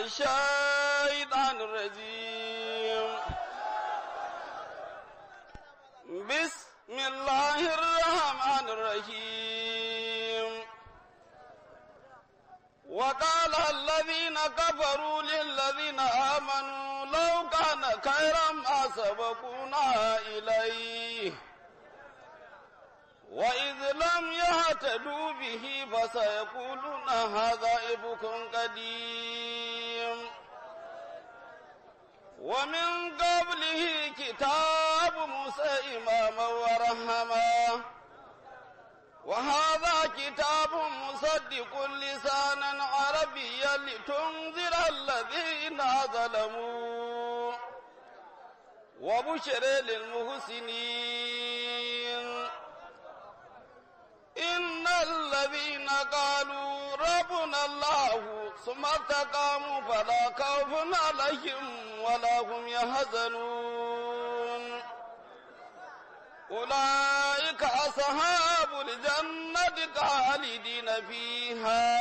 الشيطان الرجيم بسم الله الرحمن الرحيم وقال الذين كفروا للذين آمنوا لو كان خيرا ما سبقونا إليه وإذ لم يهتدوا به فسيقولون هذا إبك قديم ومن قبله كتاب موسى إماما ورحما وهذا كتاب مصدق لسانا عربيا لتنذر الذين ظلموا وبشر للمحسنين إن الذين قالوا ربنا الله ثم ارتقاموا فلا خوف عليهم ولا هم يحزنون أولئك أصحاب الجنة خالدين فيها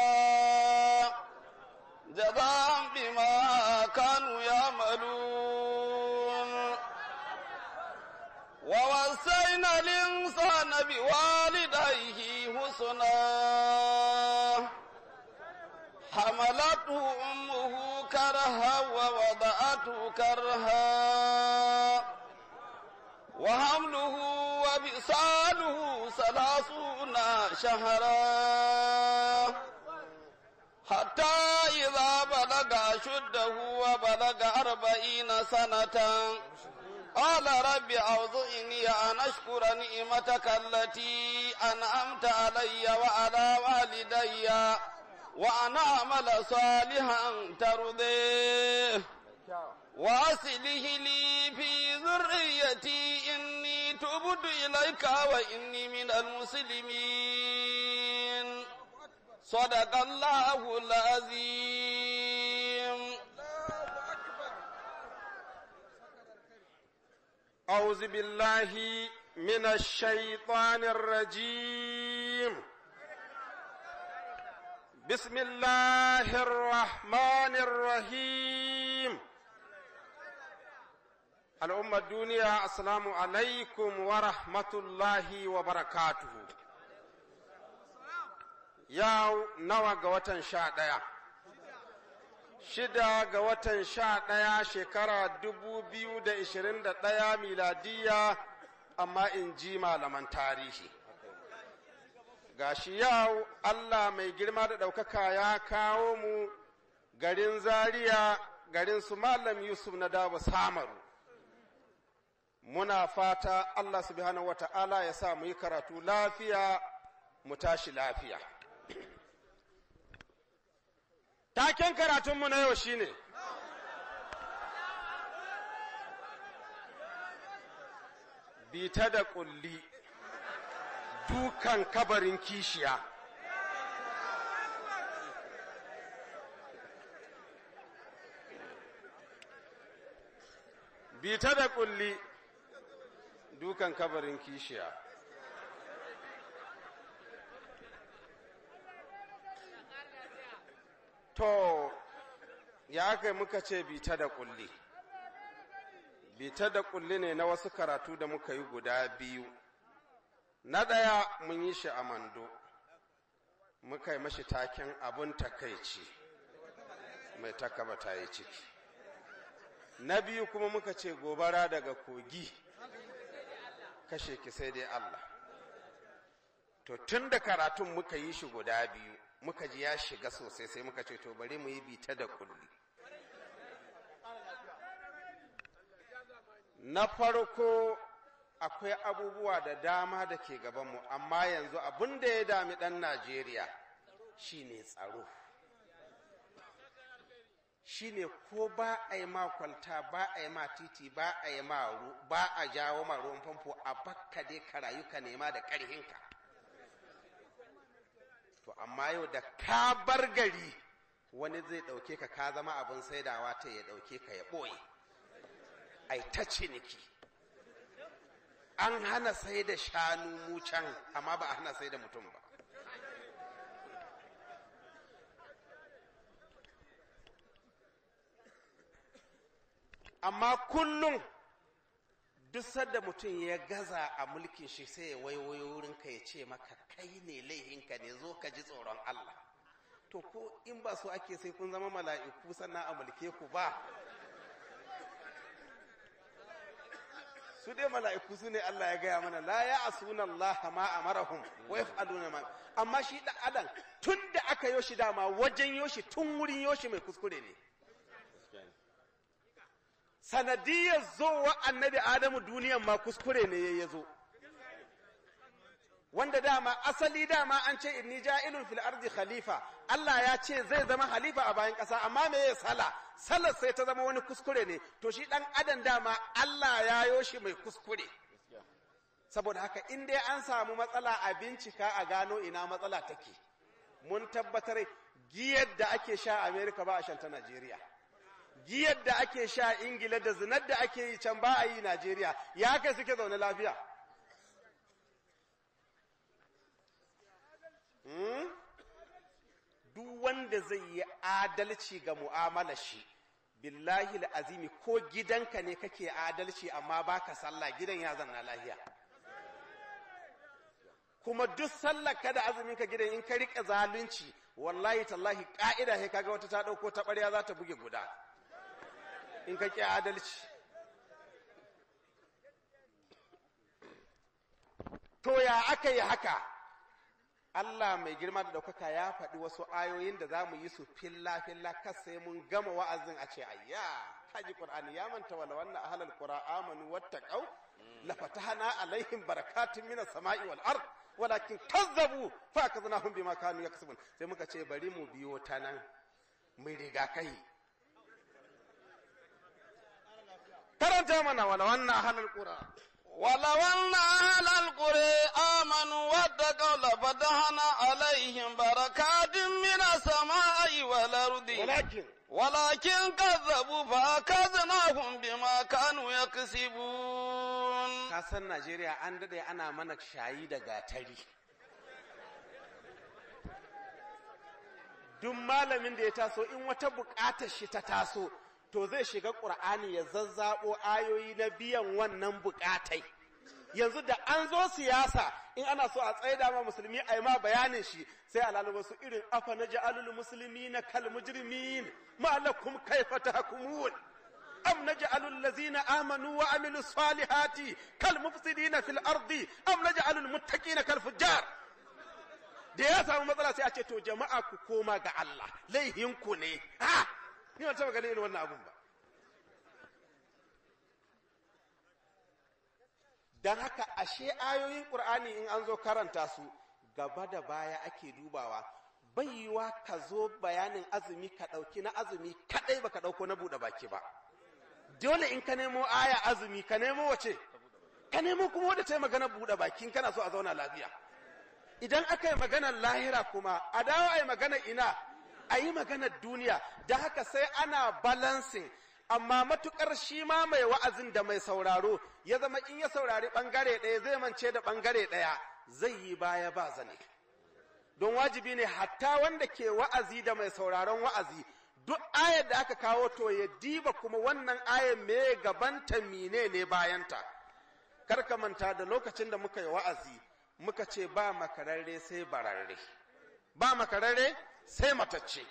جزاء بما كانوا يعملون ووصينا الإنسان بوالديه أخرجناه حملته أمه كرها ووضعته كرها وحمله وبصاله ثلاثون شهرا حتى أشده وبلغ أربعين سنة قال رب أوضئني أن أشكر نعمتك التي أنعمت علي وعلى والدي وأن أعمل صالحا ترضيه وأصله لي في ذريتي إني تبت إليك وإني من المسلمين صدق الله العظيم أعوذ بالله من الشيطان الرجيم بسم الله الرحمن الرحيم الأمة الدنيا السلام عليكم ورحمة الله وبركاته يا نوى قوة شادية shida ga watan sha ɗaya shekara dubu biyu da ishirin da ɗaya miladiyya, amma in ji malaman tarihi gashi yau Allah mai girma da ɗaukaka ya kawo mu garin Zariya garin su malam yusuf na dawa samaru muna fata Allah subhanahu ta'ala ya sa mu yi karatu lafiya mu tashi lafiya Taken karatunmu na yau shine bita da ƙulli dukan kabarin kishiya. Bita da ƙulli dukan kabarin kishiya. to ya kai muka ce bita da ƙulli bita da ƙulli ne na wasu karatu da muka yi guda biyu na ɗaya mun yi shi a mando muka yi mashi taken abun takaici mai takaba ta yi ciki na biyu kuma muka ce gobara daga kogi kashe ki sai dai Allah to tun da karatun muka yi shi guda biyu muka ji ya shiga sosai sai muka ce to bari mu yi bita da kulli na farko akwai abubuwa da dama da ke gabanmu amma yanzu abin da ya dami ɗan najeriya shine tsaro shine ko ba a yi ma kwalta ba a yi ma titi ba a yi ma ba a jawo ma ruwan famfo a bakka dai ka rayu ka nema da ƙarhinka to amma yau da ka bar gari wani zai ɗauke ka ka zama abin saidawa ta ya ɗauke ka ya ɓoye ai ta ciniki an hana sai da shanu mu can amma ba a hana sai da mutum ba amma kullum duk sadda mutum ya gaza a mulkin shi sai ya waiwayo ka ya ce maka kai ne laihinka ne zo ka ji tsoron Allah to ko in ba so ake sai kun zama mala'iku sannan a mulke ku ba su dai mala'iku su ne Allah ya gaya mana la ya asuna Allah ma amarahum wa yaf'aluna ma amma shi da adam tun da aka yoshi dama wajen yoshi tun wurin yoshi mai kuskure ne sanadiyar zowa annabi adamu duniyan ma kuskure ne ya zo wanda dama asali dama an ce in ni, ja'ilun fil ardi khalifa Allah ya ce zai zama khalifa a bayan ƙasa amma me ya sala salar sai ta zama wani kuskure ne to shi dan adam dama Allah ya yo shi mai kuskure saboda haka in dai an samu matsala a bincika a gano ina matsala take mun tabbatar giyar da ake sha a America ba a shanta Najeriya giyar da ake sha ingila da zinar da ake yi can ba a yi najeriya ya kai suke zaune lafiya hmm? duk wanda zai yi adalci ga mu'amala shi billahi azimi ko gidanka ne kake adalci amma baka sallah gidan ya zanna lahiya kuma duk sallar kada azumin ka gidan in ka riƙe zalunci wallahi tallahi ƙa'ida sai kaga wata ta ɗauko ta ɓarya za ta buge guda in ka ƙi adalci to ya aka yi haka Allah mai girma da ɗaukaka ya faɗi wasu ayoyin da za mu yi su filla-filla sai mun gama wa'azin a ce ayya ji ƙur'ani ya manta wala wannan ahalar ƙura amanu wata ƙau hana alaihim barakatun mina sama'i wal ard walakin kazzabu fa kaznahum bima ya yaksubun sai muka ce bari mu biyo ta nan mu riga kai karanta mana wala wannan ahlul qura wala wannan ahlul qura amanu wattaqaw la fatahna alaihim barakatin minas samai wal ardi walakin fa كذبوا bima kanu كانوا kasan najeriya an dade ana mana shayi da gatari. duk malamin da ya taso in wata buƙatar shi ta taso to zai shiga ƙur'ani ya zazzabo ayoyi na biyan wannan buƙatai yanzu da an zo siyasa in ana so a tsaida ma musulmi a yi ma bayanin shi sai a lalubar irin afa na ja'alul musulmi na kal mujrimin ma'alakum kaifa tahkumun am naj'alul lazina amanu wa amilus salihati kal mufsidina fil ardi am naj'alul muttaqina kal fujjar da ya samu matsala sai a ce to jama'a ku koma ga Allah laihinku ne ha ni ta taba ganin irin wannan abun ba dan haka ashe ayoyin ƙur'ani in an zo karanta su gaba da baya ake dubawa baiwa ka zo bayanin azumi ka ɗauki na azumi kaɗai baka ɗauko na buɗe baki ba dole in ka nemo aya azumi ka nemo wace ka nemo kuma wadda ta magana buɗe baki kana so a zauna lafiya idan aka yi maganar lahira kuma a dawo a yi maganar ina a yi maganar duniya da haka sai ana balansin amma matukar shi ma mai wa'azin da mai sauraro ya zama in ya saurari ɓangare ɗaya zai mance da bangare ɗaya zai yi baya ba zane don wajibi ne hatta wanda ke wa'azi da mai sauraron wa'azi duk ayar da aka kawo to ya diba kuma wannan ayar me ta mine ne bayanta kar ka manta da lokacin da muka yi wa'azi muka ce ba makararre sai bararre ba makararre sai matacce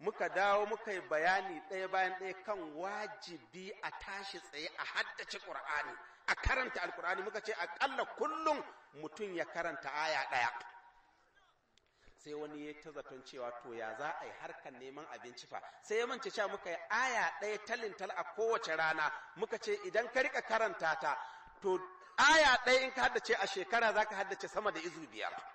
muka dawo muka yi bayani ɗaya bayan ɗaya kan wajibi a tashi tsaye a haddace ƙur'ani a karanta alƙur'ani muka ce aƙalla kullum mutum ya karanta aya ɗaya sai wani ya ta zaton cewa to ya za a yi harkar neman abinci fa sai ya mance cewa muka yi aya ɗaya talintal a kowace rana muka ce idan ka rika karanta ta to aya ɗaya in ka haddace a shekara za ka haddace sama da izu biyar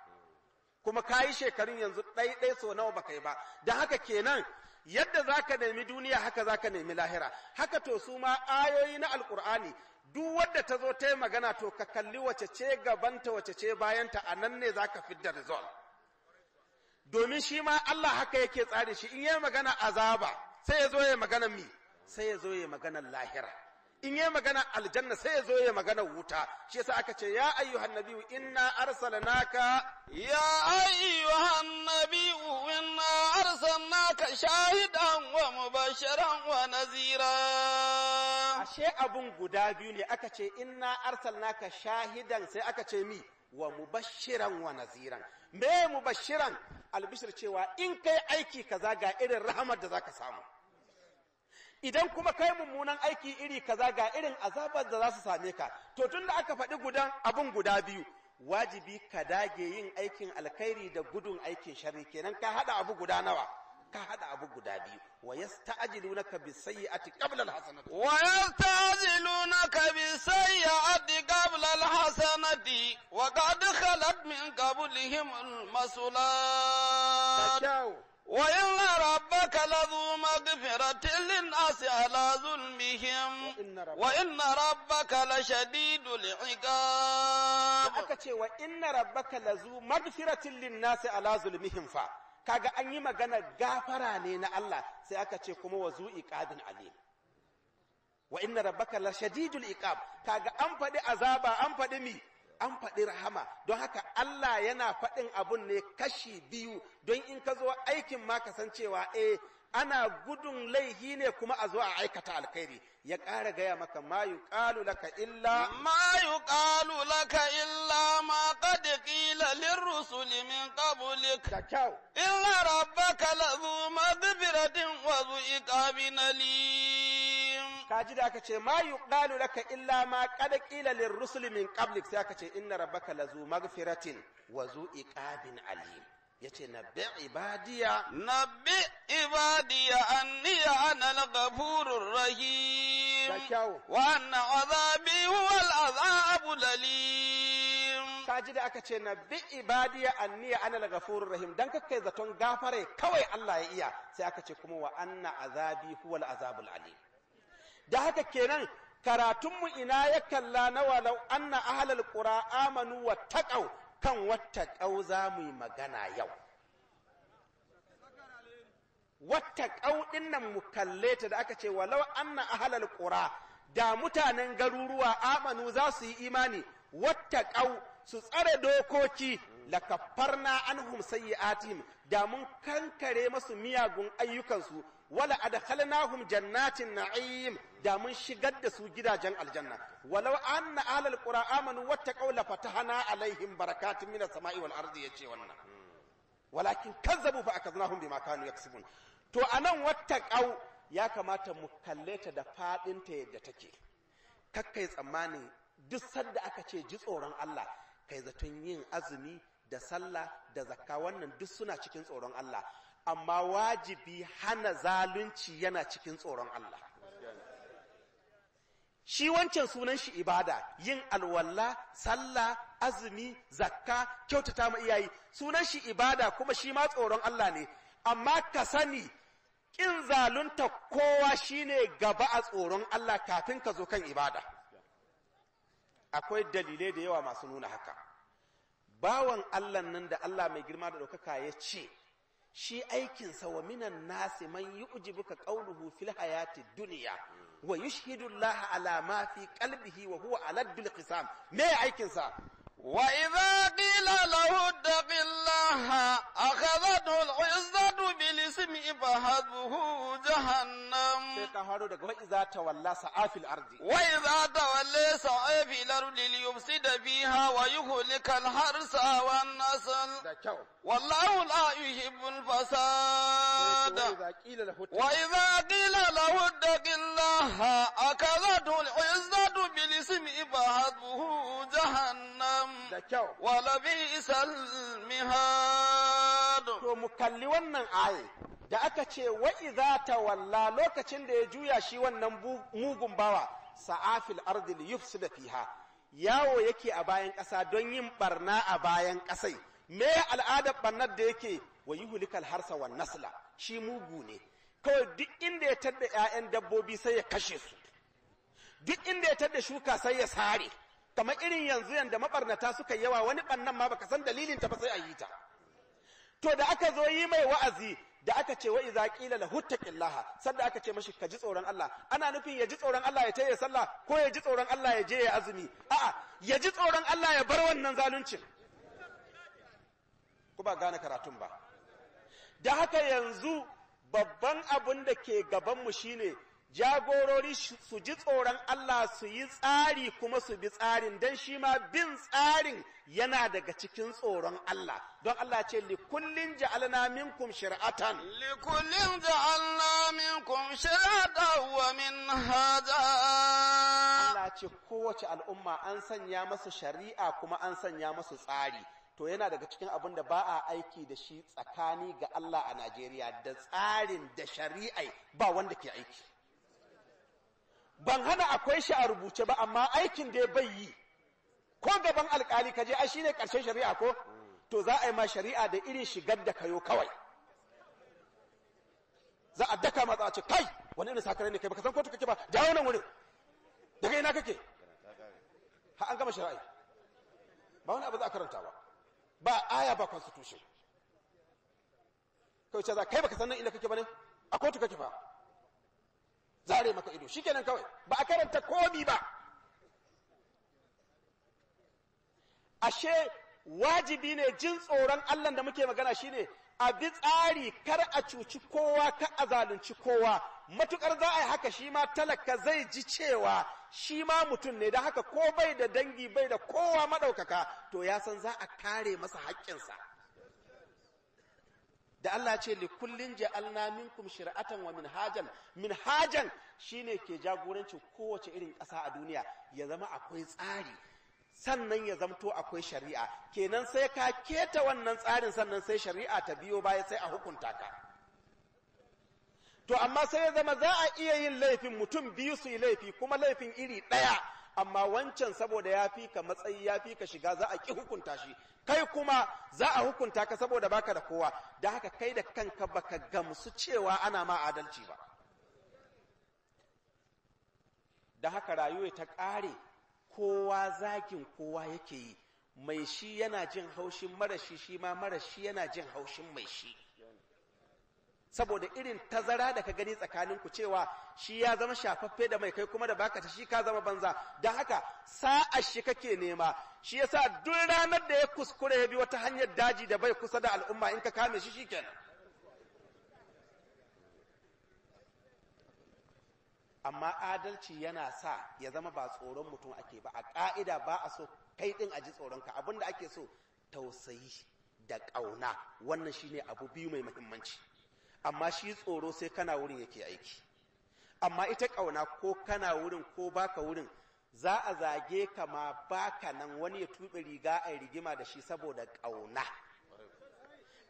kuma ka yi shekarun yanzu ɗaiɗai so nawa ba yi ba da haka kenan yadda za ka nemi duniya haka za ka nemi lahira haka to su ma ayoyi na alkur'ani duk wadda ta zo ta yi magana to ka kalli wace ce gabanta wace ce bayanta a nan ne za ka fi da rizol? domin shi ma Allah haka yake tsari shi in yi magana azaba sai ya zo ya magana mi sai ya zo ya magana lahira in yi magana aljanna sai ya zo ya magana wuta shi yasa aka ce ya ayyuhan nabiyyu inna arsalnaka ya ayyuhan nabiyyu inna arsalnaka shahidan wa mubashiran wa nazira ashe abun guda biyu ne aka ce inna arsalnaka shahidan sai aka ce mi wa mubashiran wa naziran me mubashiran albishir cewa in kai aiki kaza ga irin rahamar da zaka samu idan kuma kai mummunan aiki iri kaza ga irin azabar da za su same ka to tun da aka faɗi gudan abun guda biyu wajibi ka dage yin aikin alkhairi da gudun aikin sharri kenan ka haɗa abu guda nawa ka haɗa abu guda biyu wa yasta'jilunaka bis-sayyi'ati qabla al-hasanati wa yasta'jilunaka bis-sayyi'ati qabla al-hasanati wa qad khalat min qablihim al-masulat وإن ربك لذو مغفرة للناس على ظلمهم وإن ربك لشديد العقاب aka ce wa inna rabbaka lazu magfiratin linnasi ala zulmihim fa kaga an yi magana gafara ne na Allah sai aka ce kuma wa zu iqadin alim wa kaga an faɗi azaba an faɗi mi an faɗi rahama don haka Allah yana faɗin abun ne kashi biyu don in ka zo aikin ma ka san cewa eh ana gudun laihi ne kuma a zo a aikata alkhairi ya ƙara gaya maka Mayu, ƙalu laka illa Mayu, ƙalu laka illa ma qad qila lirrusuli min qablik da kyau illa rabbaka lazu maghfiratin wa zu iqabin alim kaji da aka ce ma yuqalu laka illa ma qad qila lirrusul min qablik sai aka ce inna rabbaka lazu maghfiratin wa zu iqabin alim yace nabbi ibadiya nabbi ibadiya anni ana al-ghafurur rahim wa anna azabi huwal azabul alim kaji da aka ce nabbi ibadiya anni ana al-ghafurur rahim dan kake zaton gafare kawai Allah ya iya sai aka ce kuma wa anna azabi huwal azabu lalim. da haka kenan karatunmu ina ya kalla na walau anna ahlal qura amanu wa wattaqau kan wata za mu yi magana yau Wata ƙau ɗinnan mu kalle ta da aka ce walau anna ahlal qura da mutanen garuruwa amanu za su yi imani wata ƙau su tsare dokoki kafarna anhum sayyi'atihim da mun kankare masu miyagun ayyukansu wala adkhalnahum jannatin na'im da mun shigar da su gidajen aljanna walau anna alal qura amanu wattaqaw la fatahna alaihim barakatun minas sama'i wal ardi yace wannan walakin kazzabu fa akaznahum bima kanu yaksubun to anan wattaqaw ya kamata mu kalle ta da fadin ta yadda take kakkai tsammani duk sanda aka ce ji tsoron Allah kai zaton yin azumi da sallah da zakka wannan duk suna cikin tsoron Allah amma wajibi hana zalunci yana cikin tsoron Allah shi wancan sunan shi ibada yin alwala, sallah azumi zakka kyautata ma iyayi sunan shi ibada kuma shi ma tsoron Allah ne amma ka sani ƙin zalunta kowa shine gaba a tsoron Allah kafin ka zo kan ibada akwai dalilai da yawa masu nuna haka bawan Allah nan da Allah mai girma da ɗaukaka ya ce shi aikinsa wa minan nasi man yu'jibuka qawluhu fil hayati duniya wa yushhidu Allah ala ma fi qalbihi wa huwa aladdul qisam me aikinsa wa idza qila lahu taqillaha akhadhahu al-izzatu bil فحسبه جهنم sai ka haro daga wa'i za ta walla sa'afil ardi wa'i za ta walle sa'afil ardi li yufsida fiha wa yuhlika al-harsa wan nasl da kyau wallahu la yuhibbu al-fasad wa idza qila lahu ittaqillaha akazatu al-izzatu bil ismi fahadbuhu jahannam da kyau wa labisa al-mihad to mu kalli wannan aye da aka ce wa ta walla lokacin da ya juya shi wannan mugun bawa sa'afil ardi li yufsida fiha yawo yake a bayan ƙasa don yin barna a bayan ƙasai me al'adar barnar da yake wa harsa wan nasla shi mugu ne kawai duk inda ya tadda ƴaƴan dabbobi sai ya kashe su duk inda ya tadda shuka sai ya sare kamar irin yanzu yanda mabarnata suka yawa wani bannan ma baka san dalilin ta ba sai a yi ta to da aka zo yi mai wa'azi da aka ce wa iza qila la huttaqillah sanda aka ce mashi ka ji tsoron Allah ana nufin ya ji tsoron Allah ya taya sallah ko ya ji tsoron Allah ya je ya azumi a'a ya ji tsoron Allah ya bar wannan zaluncin ku ba gane karatun ba da haka yanzu babban abun da ke gaban mu shine jagorori su ji tsoron Allah su yi tsari kuma su bi tsarin don shi ma bin tsarin yana daga cikin tsoron Allah don Allah ce likullin ja'alna minkum shir'atan likullin ja'alna minkum shir'atan wa hada Allah ce kowace al'umma an sanya masu shari'a kuma an sanya masu tsari to yana daga cikin abin da ba a aiki da shi tsakani ga Allah a Najeriya da tsarin da shari'ai ba wanda ke aiki ban hana akwai shi a rubuce ba amma aikin da bai yi ko gaban alkali ka je ai shine karshen shari'a ko to za a yi ma shari'a da irin shigar da kayo kawai za a daka matsa a ce kai wani irin sakarai ne kai baka san kotu kake ba jawo nan wurin daga ina kake ha an gama shari'a ba wani abu za a karanta ba ba aya ba constitution kai ce za kai baka san nan ina kake ba ne a kotu kake ba zare maka ido shi shikenan kawai ba a karanta komi ba ashe wajibi ne jin tsoron Allah da muke magana shine a bi tsari kar a cuci kowa ka a zalunci kowa matukar za a yi haka shi ma talaka zai ji cewa shi ma mutum ne da haka ko bai da dangi bai da kowa maɗaukaka to ya san za a kare masa haƙƙinsa da Allah ce li kullin ja'alna minkum shir'atan wa minhajan minhajan shine ke jagoranci kowace irin ƙasa a duniya ya zama akwai tsari sannan ya zamto akwai shari'a kenan sai ka keta wannan tsarin sannan sai shari'a ta biyo baya sai a hukunta ka to amma sai ya zama za a iya yin laifin mutum biyu su laifi kuma laifin iri ɗaya amma wancan saboda ya fi ka matsayi ya fi ka shiga za a ki hukunta shi kai kuma za a hukunta ka saboda baka da kowa da haka kai da kanka baka gamsu cewa ana ma adalci ba da haka rayuwa ta ƙare kowa zakin kowa yake yi mai shi yana jin haushin mara shi shi ma mara shi yana jin haushin mai shi saboda irin tazara da ka gani tsakanin ku cewa shi ya zama shafaffe da mai kai kuma da baka ta shi ka zama banza da haka sa'a shi kake nema shi ya sa duk ranar da ya kuskure ya bi wata hanyar daji da bai kusa da al'umma in ka kame shi shikenan amma adalci yana sa ya zama ba tsoron mutum ake ba a ka'ida ba a so kai ɗin a ji tsoronka abun da ake so tausayi da ƙauna wannan shine abu biyu mai muhimmanci amma shi tsoro sai kana wurin yake aiki amma ita ƙauna ko kana wurin ko baka wurin za a zage ka ma baka nan wani ya tuɓe riga a rigima da shi saboda ƙauna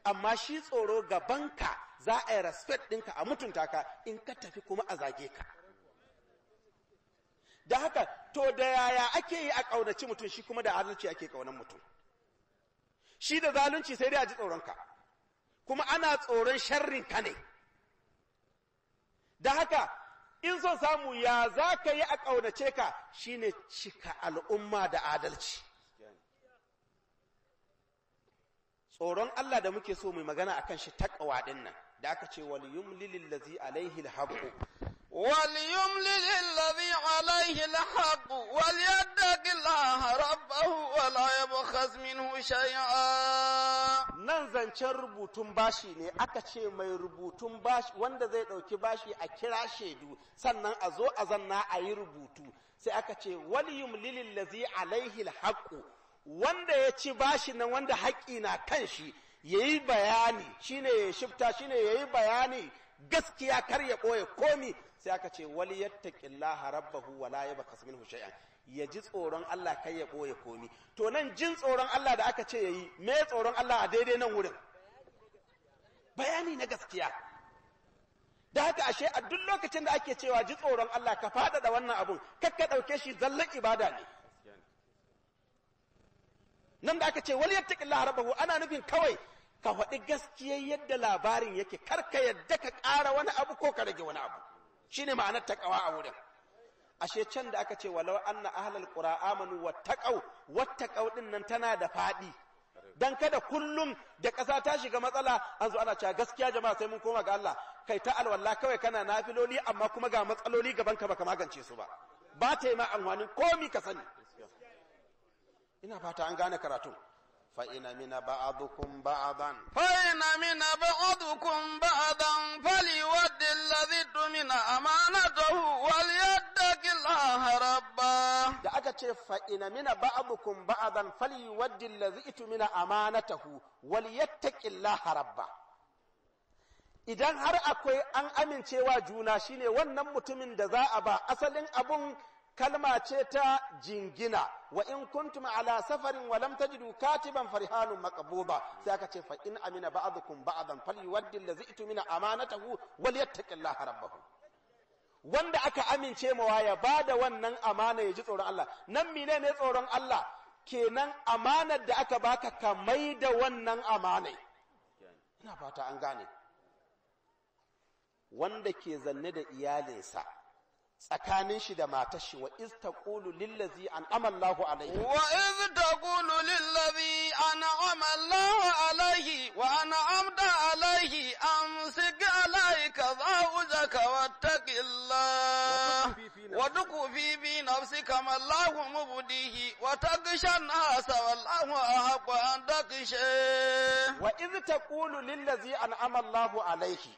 amma shi tsoro gabanka za a yi respect ɗinka a mutunta ka in ka tafi kuma a zage ka da haka to da yaya ake yi a ƙaunaci mutum shi kuma da adalci ake ƙaunar mutum shi da zalunci sai dai a ji tsoronka kuma ana tsoron sharrin ka ne da haka in son samu ya za ka yi a ƙaunace ka shine cika al'umma da adalci tsoron Allah da muke so mai magana a kan shi ta ɗin nan da aka ce wani yumlilil lazi alaihi alhaqu وليملل الذي عليه الحق وليتق الله ربه ولا يبخس منه شيئا nan zancen rubutun bashi ne aka ce mai rubutun bashi wanda zai ɗauki bashi a kira shaidu sannan a zo a zanna a yi rubutu sai aka ce waliyum lazi alaihi haqqu wanda ya ci bashi nan wanda haƙƙi na kan shi yayi bayani shine ya shifta shine yayi bayani gaskiya kar ya ɓoye komi sai aka ce wal yattaqillaha rabbahu wa la minhu shay'an ya ji tsoron Allah kai ya boye komi to nan jin tsoron Allah da aka ce yayi me tsoron Allah a daidai nan wurin bayani na gaskiya da haka ashe a duk lokacin da ake cewa ji tsoron Allah ka da wannan abun kakka ɗauke shi zallan ibada ne nan da aka ce wal yattaqillaha rabbahu ana nufin kawai ka faɗi gaskiyar yadda labarin yake karka yadda ka ƙara wani abu ko ka rage wani abu shine ma'anar takawa a wurin ashe can da aka ce walau anna ahlal qura amanu wattaqau wattaqau din nan tana da faɗi. dan kada kullum da ƙasa ta shiga matsala an zo ana cewa gaskiya jama'a sai mun koma ga Allah kai ta alwala kawai kana nafiloli amma kuma ga matsaloli gaban ka baka magance su ba ba ta yi ma amfanin komi ka sani ina fata an gane karatun فإن من بعضكم بعضا فإن من بعضكم بعضا فليود الذي تمن أمانته وليتق الله ربه da aka ce fa'ina mina ba'abukum ba'adan falyuwaddi allazi itumina amanatahu wal yattaqillaha rabba idan har akwai an amincewa juna shine wannan mutumin da za a ba asalin abun kalma ce ta jingina wa in kuntum ala safarin wa lam tajidu katiban farihanun maqbuda sai aka ce fa in amina ba'dukum ba'dan falyuwaddi allazi itmina amanatahu wal rabbahu wanda aka amince mawa ba bada wannan amana ya ji tsoron Allah nan mine ne tsoron Allah kenan amanar da aka baka ka mai da wannan amanai ina fata an gane wanda ke zanne da iyalinsa tsakanin shi da matar shi wa iz taqulu lillazi an'ama Allahu alayhi wa iz taqulu lillazi an'ama Allahu alayhi wa an an'amta alayhi amsik alayka zawjaka wattaqillah wa tukufi bi nafsika ma Allahu mubdihi wa taqshan nasa wallahu ahqqu an taqshe wa iz taqulu lillazi an'ama Allahu alayhi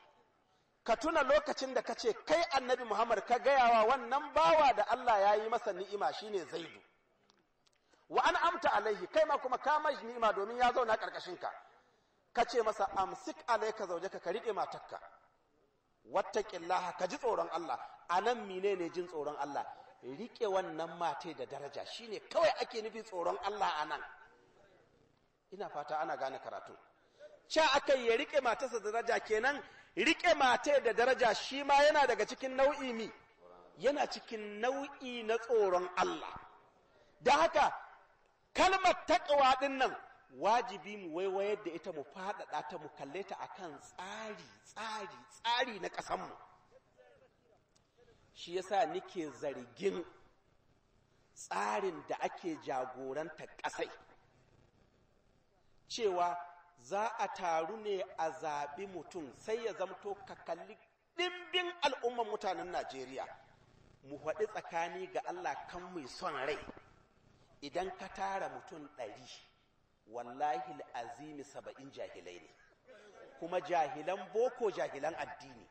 ka tuna lokacin da ka ce kai annabi muhammad ka gayawa wannan bawa da allah ya yi masa ni'ima shine zaidu wa an amta alaihi kai ma kuma ka shi ni'ima domin ya zauna karkashin ka ka ce masa amsik ka zauje ka riƙe matakka wattaqillaha ka ji tsoron allah A nan mine ne jin tsoron allah riƙe wannan mate da daraja shine kawai ake nufi tsoron allah anan ina fata ana gane karatu cha aka ya riƙe matarsa da daraja kenan riƙe mata da daraja shi ma yana daga cikin nau'i mi yana cikin nau'i na tsoron Allah da haka kalmar taƙawa ɗin nan wajibi mu waiwayar da ita mu faɗaɗa ta mu kalle ta kan tsari tsari tsari na ƙasanmu shi yasa nike zargin tsarin da ake jagoranta ƙasai cewa za a taru ne a zaɓi mutum sai ya zamto ka kalli ɗimbin al'ummar mutanen Najeriya, mu haɗi tsakani ga Allah kan mai son rai, idan ka tara mutum ɗari, wallahi azimi saba'in jahilai ne, kuma jahilan boko jahilan addini,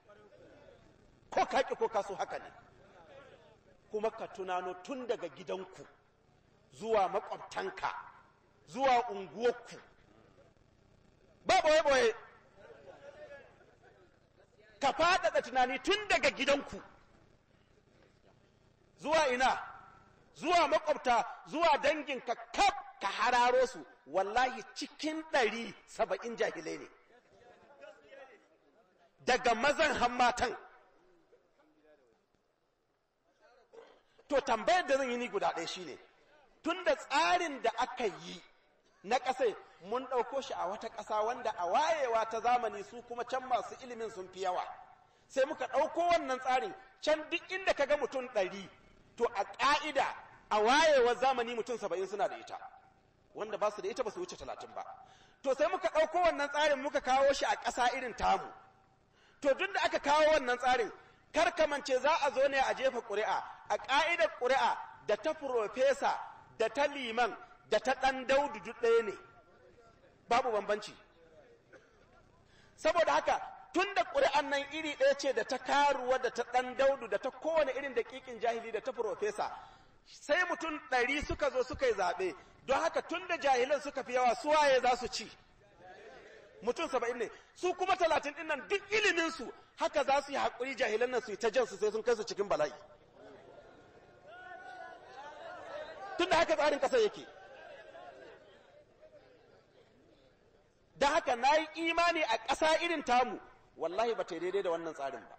ko kaƙi ko kaso haka ne, kuma ka tunano tun daga gidanku zuwa maƙwabtanka, zuwa unguwarku. ba ɓoye-ɓoye ka faɗaɗa tunani tun daga gidanku zuwa ina zuwa makwabta zuwa danginka kaf ka hararo su wallahi cikin ɗari saba'in jahilai ne daga mazan hammatan to tambayar da zan yi ni guda ɗaya shi ne tun da tsarin da aka yi na ƙasai mun ɗauko shi a wata ƙasa wanda a wayewa ta zamani su kuma can masu ilimin sun fi yawa sai muka ɗauko wannan tsarin can duk inda ka ga mutum ɗari to a ƙa'ida a wayewar zamani mutum saba'in suna da ita wanda ba su da ita ba su wuce talatin ba to sai muka ɗauko wannan tsarin muka kawo shi a ƙasa irin tamu to duk da aka kawo wannan tsarin kar kamance za a zo ne a jefa ƙuri'a a ƙa'idar ƙuri'a da ta furofesa da ta liman da ta ɗan daudu duk ɗaya ne babu bambanci saboda haka tun da ƙuri'an nan iri ɗaya ce da ta karuwa da ta ɗan daudu da ta kowane irin da ƙiƙin jahili da ta profesa sai mutum ɗari suka zo suka yi zaɓe don haka tun da jahilan suka fi yawa suwaye za su ci mutum saba'in ne su kuma talatin ɗin nan duk iliminsu haka za su yi haƙuri jahilan nan su yi ta jan su sai sun kai su cikin bala'i tun da haka tsarin ƙasa yake da haka na yi imani a ƙasa irin tamu wallahi ba ta daidai da wannan tsarin ba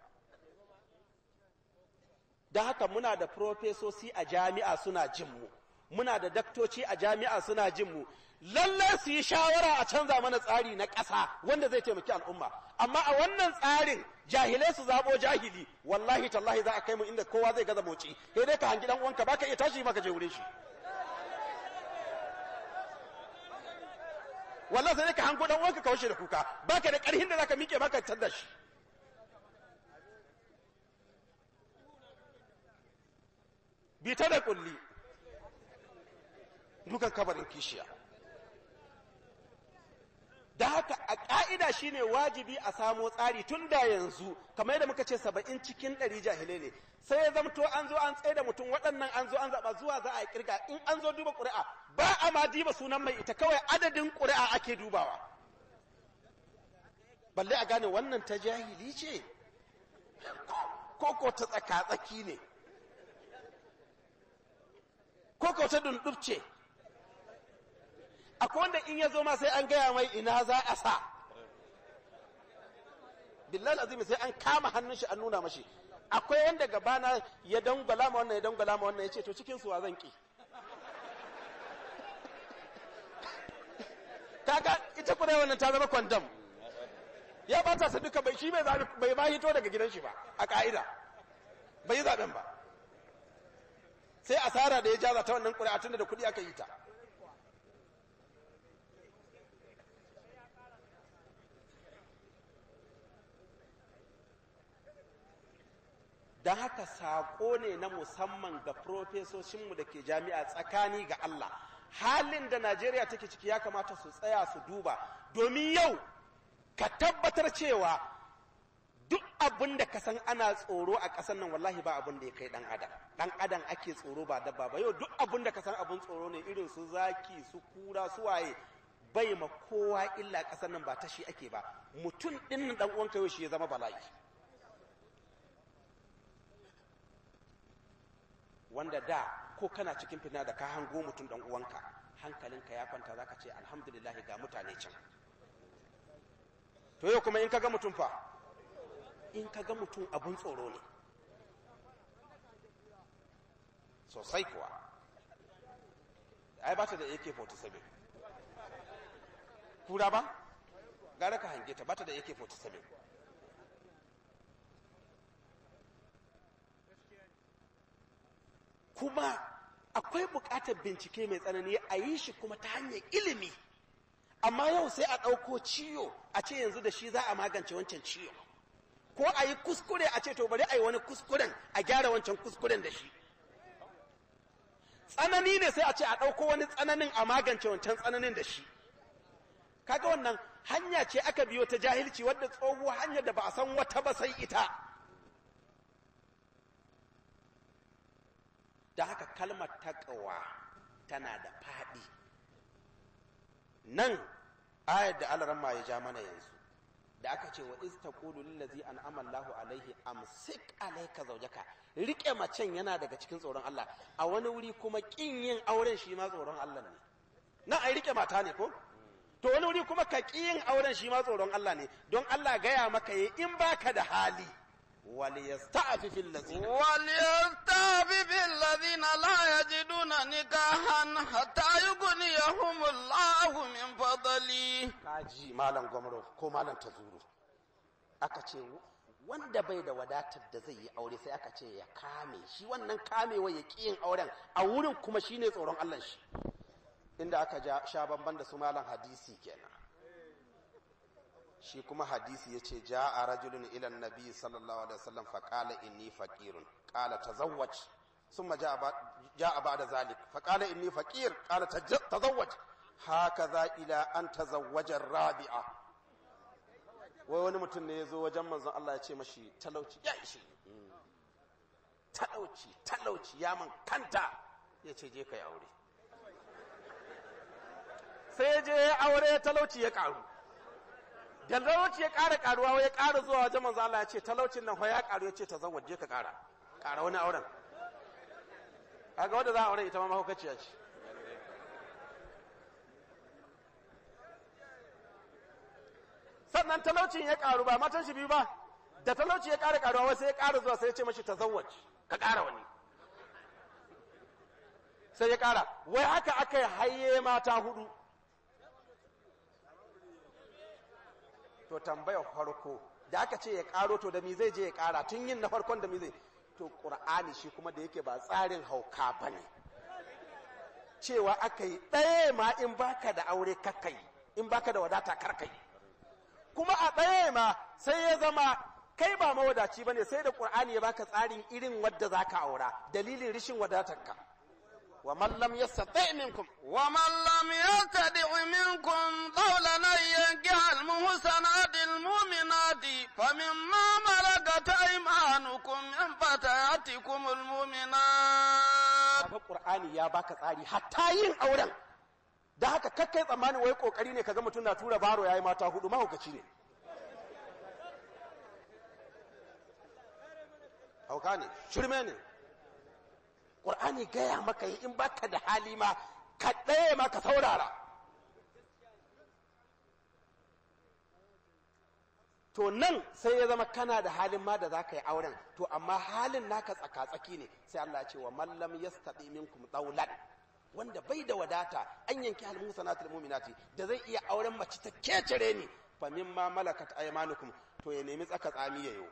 da haka muna da profesosi a jami'a suna jinmu muna da daktoci a jami'a suna jinmu Lallai su yi shawara a canza mana tsari na ƙasa wanda zai taimaki al'umma amma a wannan tsarin jahilai su zaɓo jahili wallahi tallahi za a kai mu inda kowa zai gaza motsi sai dai ka hangi dan uwanka baka iya tashi baka je wurin shi wallahi sai ka hango dan uwanka ka washe da kuka baka da karhin da zaka miƙe baka canza shi bi ta da kulli dukan kabarin kishiya da haka a ƙa'ida shine wajibi a samo tsari tun da yanzu kamar yadda muka ce saba'in cikin ɗari jahilai ne sai ya zamto an zo an tsaye da mutum waɗannan an zo an zaɓa zuwa za a kirga in an zo duba ƙuri'a ba a ma diba sunan mai ita kawai adadin ƙuri'a ake dubawa balle a gane wannan ta jahili ce koko ta tsaka-tsaki ne koko ta dundub ce akwai wanda in ya zo ma sai an gaya mai ina za a sa billal azimi sai an kama hannun shi an nuna mashi akwai gaba na ya dangwala ma wannan ya dangwala ma wannan ya ce to cikin suwa wa zan ki kaga ita kuma wannan ta zama kwandam ya ta su duka bai shi bai ma hito daga gidan shi ba a ka'ida bai yi zaben ba sai asara da ya jaza ta wannan ƙuri'a tunda da kuɗi aka yi ta don haka saƙo ne na musamman ga profesoshinmu da ke jami'a tsakani ga Allah halin da Najeriya take ciki ya kamata su tsaya su duba domin yau ka tabbatar cewa duk abin da ka san ana tsoro a ƙasar nan wallahi ba abin da ya kai ɗan adam ɗan adam ake tsoro ba dabba ba yau duk abin da ka san abin tsoro ne irin su zaki su kura su waye bai ma kowa illa ƙasar nan ba ta shi ake ba mutum ɗin nan ɗan uwanka yau shi ya zama bala'i wanda da ko kana cikin fina da ka hango mutum dan uwanka hankalinka ya kwanta zaka ce alhamdulillah ga mutane can to yau kuma in kaga mutum fa in kaga mutum abun tsoro ne sosai kuwa ai ba ta da AK47 kura ba gara ka hange ta ba ta da AK47 kuma akwai bukatar bincike mai tsanani a yi shi kuma ta hanyar ilimi amma yau sai a ɗauko ciwo a ce yanzu da shi za a magance wancan ciwo ko a yi kuskure a ce to bari a yi wani kuskuren a gyara wancan kuskuren da shi tsanani ne sai a ce a ɗauko wani tsananin a magance wancan tsananin da shi kaga wannan hanya ce aka biyo ta jahilci wadda tsohuwa hanyar da ba a san wata ba sai ita da haka kalmar taƙawa tana da faɗi nan ayar da alarama ya ja mana yanzu da aka ce wa ista ƙudu lillazi an amallahu alaihi amsik alaika zaujaka riƙe macen yana daga cikin tsoron Allah a wani wuri kuma ƙin yin auren shi ma tsoron Allah ne na a riƙe mata ne ko to wani wuri kuma ka ƙi yin auren shi ma tsoron Allah ne don Allah gaya maka yi in baka da hali وليستعفف الذين وليستعفف الذين لا يجدون نكاحا حتى يغنيهم الله من فضله kaji malam gwamro ko malam tazuru aka ce wanda bai da wadatar da zai yi aure sai aka ce ya kame shi wannan kamewa ya ƙi yin auren a wurin kuma shine tsoron Allah shi inda aka sha bamban da su malam hadisi kenan shi kuma hadisi ya ce ja a rajulun ilan nabi sallallahu alaihi wasallam fa qala inni faqirun qala tazawwaj thumma ja'a ba'da zalik fa qala inni faqir qala tazawwaj hakaza ila an tazawwaja rabi'a wai wani mutum ne ya zo wajen manzon Allah ya ce mashi talauci ya ishi mm. talauci talauci ya man kanta ya ce je ka yi aure sai je ya aure talauci ya karu da talauci ya ƙara ƙaruwa ya ƙara zuwa wajen manzo Allah ya ce talaucin nan ya ƙaru ya ce ta zan waje ka ƙara ƙara wani auren kaga wanda za a aure ita ma mahaukaciya ce sannan talaucin ya ƙaru ba matan shi biyu ba da talauci ya ƙara ƙaruwa wai sai ya ƙara zuwa sai ya ce mashi ta tazawwaj ka ƙara wani sai ya ƙara wai haka aka yi haye mata hudu to tambayar farko da aka ce ya karo to da mi zai je ya kara tun yin na farkon da mi zai to qur'ani shi kuma da yake ba tsarin hauka bane cewa aka yi ɗaya ma in baka da aure kakai in baka da wadata karkai kuma a ɗaya ma sai ya zama kai ba mawadaci ba ne sai da qur'ani ya baka tsarin irin wadda za ka aura dalilin rishin wadatarka ومن لم يستطع منكم ومن da يستطع منكم قولا أن ينكح المحسنات المؤمنات فمما ملكت أيمانكم من فتياتكم المؤمنات القرآن يا باك tsari hatta yin auren da haka kakkai tsammani wai kokari ne ga mutum na tura baro yayi mata hudu mahaukaci ne hauka shirme ne ƙur'ani gaya maka yi in baka da hali ma ka ɗaya ma ka saurara to nan sai ya zama kana da halin ma da za ka yi auren to amma halin naka tsaka-tsaki ne sai Allah ce wa mallam ya yastati minkum daulan wanda bai da wadata an yanki hal sanatar mu'minati da zai iya auren mace ta kecere ni fa mimma malakat aymanukum to ya nemi tsaka tsami yayo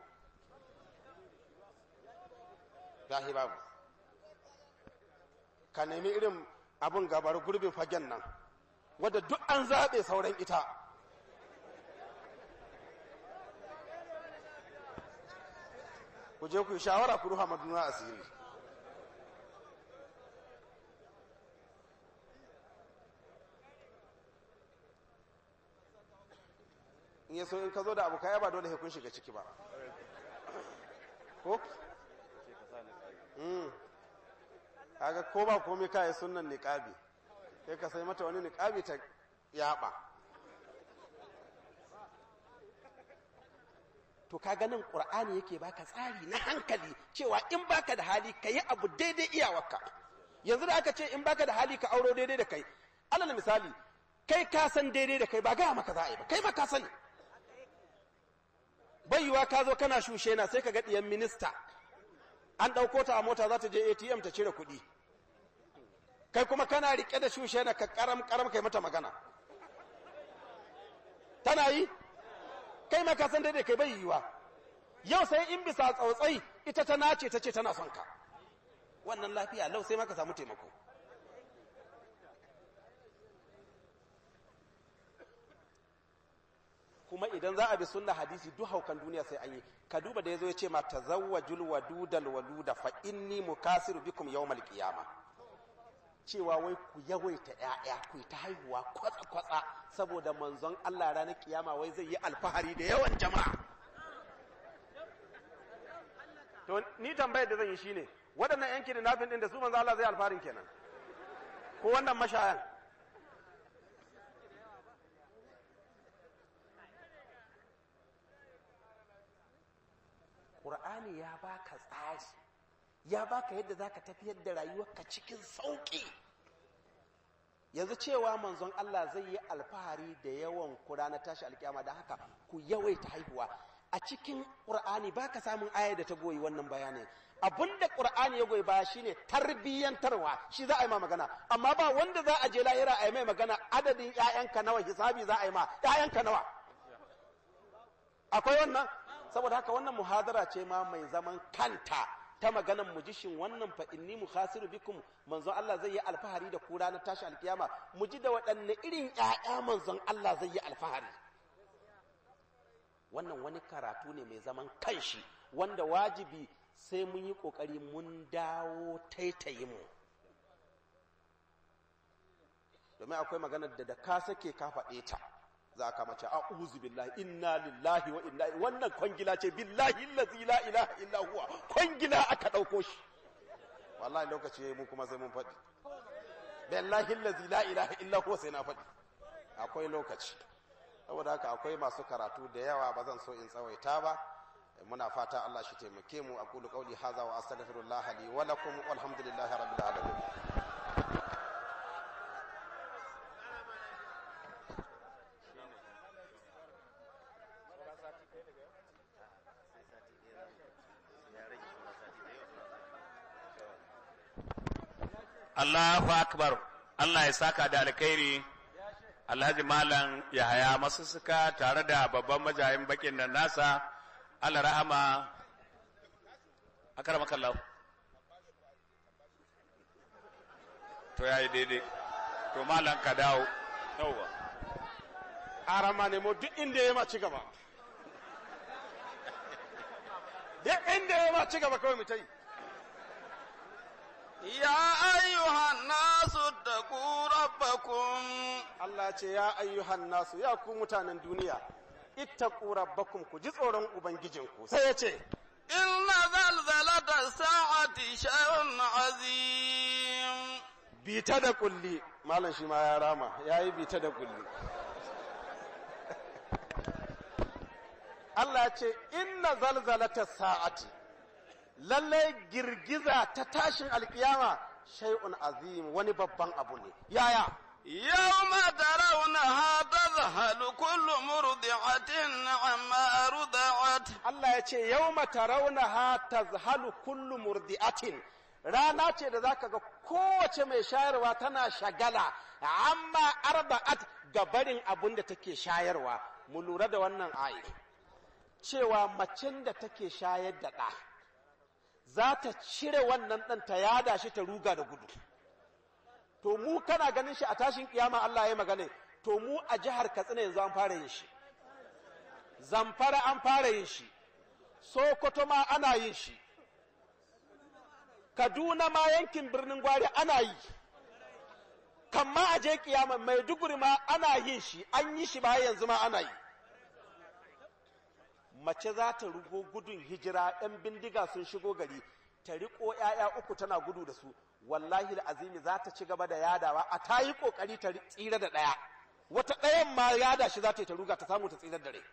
ka nemi irin abin gabar gurbin fagen nan wadda duk an zaɓe sauran ita ku je ku yi shawara ku ruha maduna asiri in yaso in ka zo da abokai ba dole kun shiga ciki ba ko? Hmm. kaga ko ba komai ka yi sunnan niqabi sai ka sai mata wani niqabi ta yaba to ka ganin qur'ani yake baka tsari na hankali cewa in baka da hali ka yi abu daidai iyawarka yanzu da aka ce in baka da hali ka auro daidai da kai alal misali kai ka san daidai da kai ba gaya maka za'a yi ba kai ba ka sani bayuwa ka zo kana shushe na sai ka ga ɗiyan minista an ɗauko ta a mota za ta je atm ta cire kuɗi kai kuma kana rike da shushe na ka karam karam kai mata magana tana yi kai ma ka san daidai kai bai yiwa yau sai in bisa tsautsai ita ta nace ta ce tana son ka wannan lafiya lau sai ma ka samu taimako kuma idan za a bi sunna hadisi duk haukan duniya sai an yi ka duba da yazo ya ce ma tazawwajul wadudal waluda fa inni mukasiru bikum yawmal qiyama cewa wai ku yawaita 'ya'ya ku ta haihuwa kwatsa kwatsa saboda manzon Allah ranar kiyama wai zai yi alfahari da yawan jama'a to ni tambayar da zan yi shine waɗannan da nafin din da su manzon Allah zai alfaharin kenan ko wannan mashayan ƙur'ani ya baka tsari ya baka yadda zaka tafiyar da rayuwarka cikin sauƙi yanzu cewa manzon Allah zai yi alfahari da yawan kura na tashi alƙiyama da haka ku yawaita haihuwa a cikin ƙur'ani baka samun aya da ta goyi wannan bayanin da ƙur'ani ya goyi baya shine tarbiyyantarwa shi za a yi ma magana amma ba wanda za a je lahira a yi mai magana adadin ƴaƴanka nawa hisabi za a yi ma ƴaƴanka nawa akwai wannan saboda haka wannan muhadara ce ma mai zaman kanta ta maganan mujishin wannan fa inni mukhasiru bikum manzon Allah zai yi alfahari da kura ranar tashi alkiyama mu ji da waɗanne irin ƴaƴa manzon Allah zai yi alfahari wannan wani karatu ne mai zaman kanshi wanda wajibi sai mun yi kokari mun dawo taitayi mu domin akwai maganar da da ka sake ka faɗe ta za ka mace a, uzu billahi inna lillahi wa inna wannan kwangila ce billahi allazi la ilaha illa huwa kwangila aka ɗauko shi wallahi lokaci mu kuma sai mun faɗi billahi allazi la ilaha illa huwa sai na faɗi akwai lokaci saboda haka akwai masu karatu da yawa ba zan so in tsawaita ba muna fata Allah shi taimake mu aqulu qawli hadha wa astaghfirullah li wa lakum walhamdulillahi rabbil alamin Allahu akbar Allah ya saka da alkhairi Alhaji Malam Yahaya Masussuka tare da babban majayin bakin nan nasa Allah rahama akaramaka Allah to yayi daidai to malam ka dawo yawa arama ne mu duk inda ya ma ci gaba duk inda ya ma ci gaba kawai mu ta ya ayyuhan nasu taqu rabbakum Allah ce ya ayyuhan nasu ya ku mutanen duniya ittaqu rabbakum ku ji tsoron ubangijinku sai ya ce inna zalzalata sa'ati shay'un azim bita da kulli malam shi ma ya rama yayi bita da kulli Allah ce inna ta sa'ati lallai girgiza ta tashin alkiyama shay'un azim wani babban abu ne yaya rauna tarawna hada zahalu kullu murdi'atin amma wata. Allah ya ce yawma tarawna ha tazhalu kullu murdi'atin rana ce da zaka ga kowace mai shayarwa tana shagala amma arba'at ga barin abin da take shayarwa mu lura da wannan ayi cewa macen da take shayar da ɗa za ta cire wannan ɗan ta yada shi ta ruga da gudu to mu kana ganin shi a tashin kiyama Allah ya magane to mu a jihar Katsina yanzu an fara yin shi Zamfara an fara yin shi Sokoto ma ana yin shi Kaduna ma yankin birnin Gwari ana yi kamma a je kiyama Maiduguri ma ana yin shi an yi shi ba yanzu ma ana yi mace za ta rugo gudun hijira yan bindiga sun shigo gari ta riko ‘ya'ya uku tana gudu da su wallahi da azimi za ta ci gaba da yadawa a ta yi ƙoƙari ta tsira da ɗaya wata ɗayan ma yada shi za ta yi ta ruga ta samu ta tsirar da rai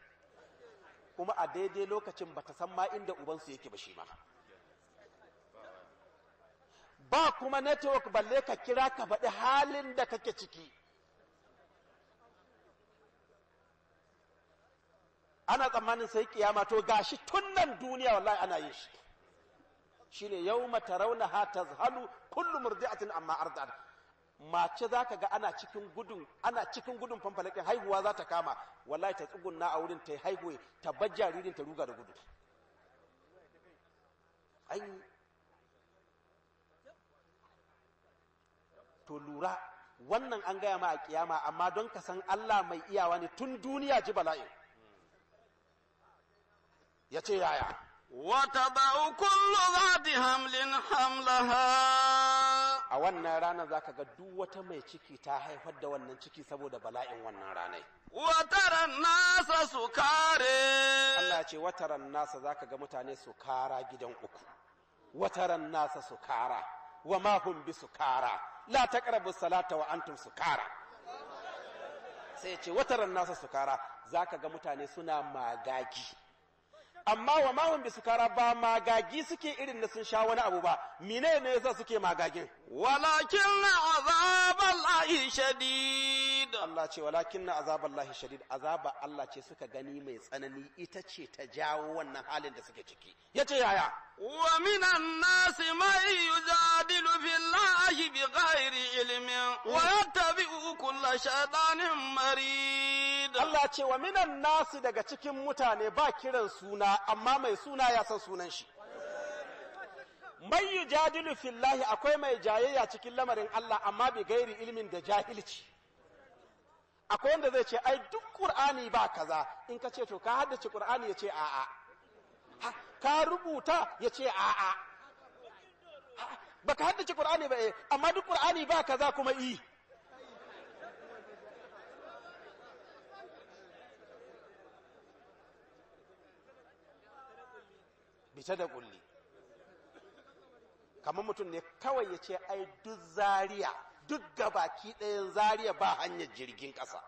kuma a daidai lokacin ba ta san ma inda ubansu yake ba shi ma ba kuma network balle ka kira ka faɗi halin da kake ciki ana tsammanin sai kiyama to gashi tun nan duniya wallahi ana yin shi shine yawma tarawnaha tazhalu kullu murdi'atin amma arda'at mace za ka ga ana cikin gudun ana cikin gudun fanfalakin haihuwa za ta kama wallahi ta tsugunna a wurin ta yi haihuwa ta bar jaririn ta ruga da gudu ai to lura wannan an gaya ma a kiyama amma don ka san Allah mai iyawa ne tun duniya ji bala'in ya ce yaya wata ba kullu zati hamlin hamlaha a wannan za zaka ga duk wata mai ciki ta haifar da wannan ciki saboda bala'in wannan ranai wataran nasa su kare Allah ce wataran nasa za ka ga mutane su kara gidan uku wataran nasa su kara wa ma bi su kara la taqrabu salata wa antum su kara sai ce wataran nasa su kara za ka ga mutane suna magagi amma wa mahun bisu kara ba magagi suke irin na sun sha wani abu ba mine ne yasa suke magagin walakin azabal aishadi شديدا Allah ce azabar lahi shadid azaba Allah ce suka gani mai tsanani ita ce ta jawo wannan halin da suke ciki yace yaya wa minan nas man yujadilu bi bighairi ilmin wa yattabi'u kulla shaytanin marid Allah ce wa minan nas daga cikin mutane ba kiran suna amma mai suna ya san sunan shi mai yujadilu fillahi akwai mai jayayya cikin lamarin Allah amma bi gairi ilmin da jahilci akwai wanda zai ce ai duk Kur'ani ba kaza in ka ce to ka haddace Kur'ani ya ce a'a ka rubuta ya ce a'a baka haddace Kur'ani ba eh amma duk Kur'ani ba kaza kuma i bita da kulli kamar mutum ne kawai ya ce ai duk zariya duk baki ɗayan zariya ba hanyar jirgin ƙasa